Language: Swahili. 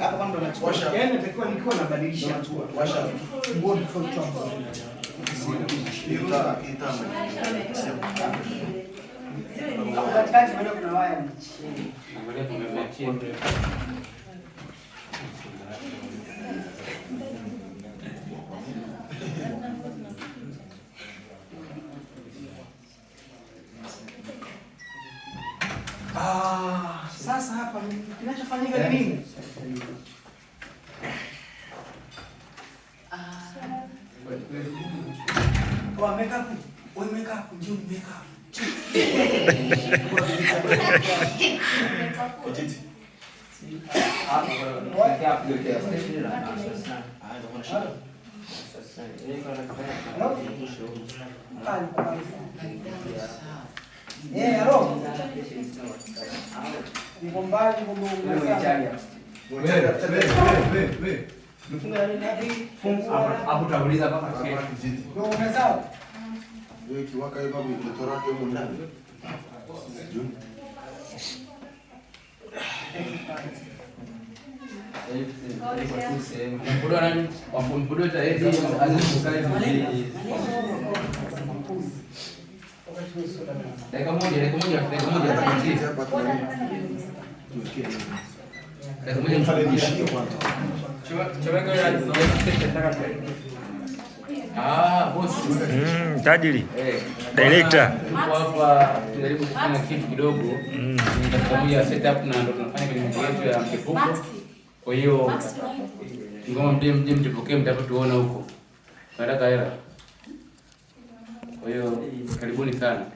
hapa kama ndo anachosha. Yaani natakiwa nikiwa nabadilisha tu. Washa. Ngoja kwa chombo. Ita ita. Katikati bado kuna waya chini. Angalia tumemwachia. Ah, sasa hapa kinachofanyika ni nini? Wa make up. Wa make up. Ndio make up. Niko mbali, niko mbali. Wewe, wewe, wewe. Dakika moja, dakika moja, dakika moja. Dakika moja mfanye nishike kwanza. Mm, tajiri director hapa, tunajaribu kufanya kitu kidogo katika moja setup, na ndio tunafanya kwenye yetu ya mchepuko. Kwa hiyo ngoma mje mje mjipokee, mtapotuona huko, nataka hela. Kwa hiyo karibuni sana.